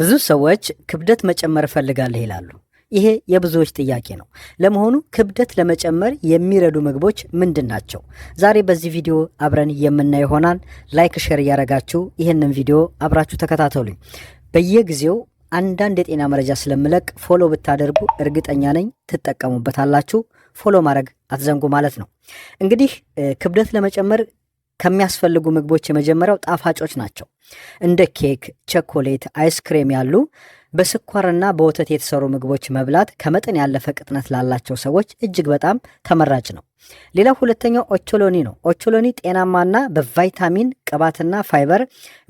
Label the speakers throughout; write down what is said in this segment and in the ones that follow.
Speaker 1: ብዙ ሰዎች ክብደት መጨመር እፈልጋለሁ ይላሉ። ይሄ የብዙዎች ጥያቄ ነው። ለመሆኑ ክብደት ለመጨመር የሚረዱ ምግቦች ምንድን ናቸው? ዛሬ በዚህ ቪዲዮ አብረን የምናየው ይሆናል። ላይክ፣ ሼር እያረጋችሁ ይህንን ቪዲዮ አብራችሁ ተከታተሉኝ። በየጊዜው አንዳንድ የጤና መረጃ ስለምለቅ ፎሎ ብታደርጉ እርግጠኛ ነኝ ትጠቀሙበታላችሁ። ፎሎ ማድረግ አትዘንጉ ማለት ነው። እንግዲህ ክብደት ለመጨመር ከሚያስፈልጉ ምግቦች የመጀመሪያው ጣፋጮች ናቸው። እንደ ኬክ፣ ቸኮሌት፣ አይስክሬም ያሉ በስኳርና በወተት የተሰሩ ምግቦች መብላት ከመጠን ያለፈ ቅጥነት ላላቸው ሰዎች እጅግ በጣም ተመራጭ ነው። ሌላው ሁለተኛው ኦቾሎኒ ነው። ኦቾሎኒ ጤናማና በቫይታሚን ቅባትና ፋይበር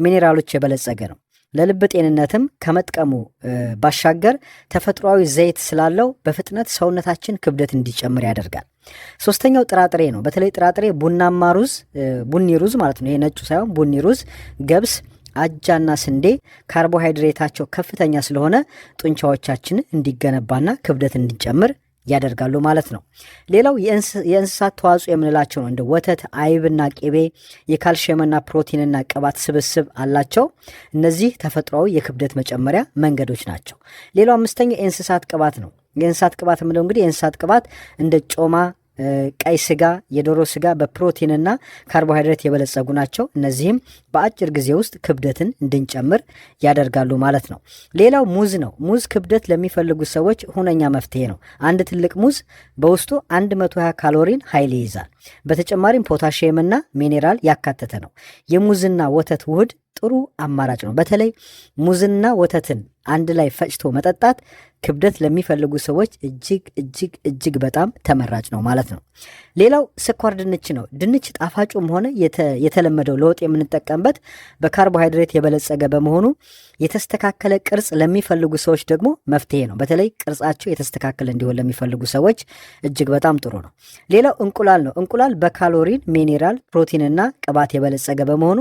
Speaker 1: ሚኔራሎች የበለጸገ ነው። ለልብ ጤንነትም ከመጥቀሙ ባሻገር ተፈጥሯዊ ዘይት ስላለው በፍጥነት ሰውነታችን ክብደት እንዲጨምር ያደርጋል። ሶስተኛው ጥራጥሬ ነው። በተለይ ጥራጥሬ ቡናማ ሩዝ፣ ቡኒ ሩዝ ማለት ነው። ይሄ ነጩ ሳይሆን ቡኒ ሩዝ፣ ገብስ አጃና ስንዴ ካርቦሃይድሬታቸው ከፍተኛ ስለሆነ ጡንቻዎቻችን እንዲገነባና ክብደት እንዲጨምር ያደርጋሉ ማለት ነው። ሌላው የእንስሳት ተዋጽኦ የምንላቸው ነው። እንደ ወተት፣ አይብና ቅቤ የካልሽየምና ፕሮቲንና ቅባት ስብስብ አላቸው። እነዚህ ተፈጥሯዊ የክብደት መጨመሪያ መንገዶች ናቸው። ሌላው አምስተኛው የእንስሳት ቅባት ነው። የእንስሳት ቅባት የምንለው እንግዲህ የእንስሳት ቅባት እንደ ጮማ ቀይ ስጋ፣ የዶሮ ስጋ በፕሮቲንና ካርቦሃይድሬት የበለጸጉ ናቸው። እነዚህም በአጭር ጊዜ ውስጥ ክብደትን እንድንጨምር ያደርጋሉ ማለት ነው። ሌላው ሙዝ ነው። ሙዝ ክብደት ለሚፈልጉ ሰዎች ሁነኛ መፍትሄ ነው። አንድ ትልቅ ሙዝ በውስጡ 120 ካሎሪን ኃይል ይይዛል። በተጨማሪም ፖታሽየምና ሚኔራል ያካተተ ነው። የሙዝና ወተት ውህድ ጥሩ አማራጭ ነው። በተለይ ሙዝና ወተትን አንድ ላይ ፈጭቶ መጠጣት ክብደት ለሚፈልጉ ሰዎች እጅግ እጅግ እጅግ በጣም ተመራጭ ነው ማለት ነው። ሌላው ስኳር ድንች ነው። ድንች ጣፋጩም ሆነ የተለመደው ለወጥ የምንጠቀምበት በካርቦሃይድሬት የበለጸገ በመሆኑ የተስተካከለ ቅርጽ ለሚፈልጉ ሰዎች ደግሞ መፍትሄ ነው። በተለይ ቅርጻቸው የተስተካከለ እንዲሆን ለሚፈልጉ ሰዎች እጅግ በጣም ጥሩ ነው። ሌላው እንቁላል ነው። እንቁላል በካሎሪን፣ ሚኔራል፣ ፕሮቲንና ቅባት የበለጸገ በመሆኑ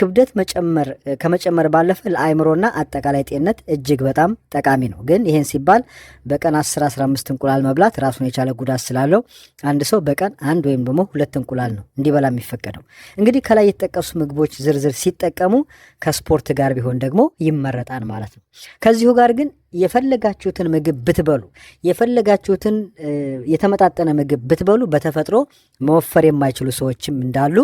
Speaker 1: ክብደት መጨመ መጨመር ከመጨመር ባለፈ ለአእምሮና አጠቃላይ ጤንነት እጅግ በጣም ጠቃሚ ነው። ግን ይህን ሲባል በቀን 10 15 እንቁላል መብላት ራሱን የቻለ ጉዳት ስላለው አንድ ሰው በቀን አንድ ወይም ደግሞ ሁለት እንቁላል ነው እንዲበላ የሚፈቀደው። እንግዲህ ከላይ የተጠቀሱ ምግቦች ዝርዝር ሲጠቀሙ ከስፖርት ጋር ቢሆን ደግሞ ይመረጣል ማለት ነው። ከዚሁ ጋር ግን የፈለጋችሁትን ምግብ ብትበሉ የፈለጋችሁትን የተመጣጠነ ምግብ ብትበሉ በተፈጥሮ መወፈር የማይችሉ ሰዎችም እንዳሉ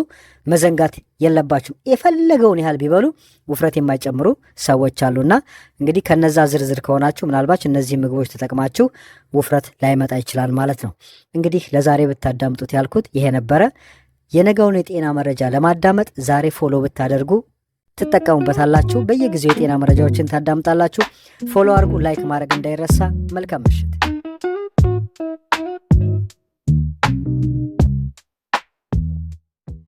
Speaker 1: መዘንጋት የለባችሁ። የፈለገውን ያህል ቢበሉ ውፍረት የማይጨምሩ ሰዎች አሉና እንግዲህ ከነዛ ዝርዝር ከሆናችሁ ምናልባች እነዚህ ምግቦች ተጠቅማችሁ ውፍረት ላይመጣ ይችላል ማለት ነው። እንግዲህ ለዛሬ ብታዳምጡት ያልኩት ይሄ ነበረ። የነገውን የጤና መረጃ ለማዳመጥ ዛሬ ፎሎ ብታደርጉ ትጠቀሙበታላችሁ። በየጊዜው የጤና መረጃዎችን ታዳምጣላችሁ። ፎሎ አርጉ፣ ላይክ ማድረግ እንዳይረሳ። መልካም ምሽት።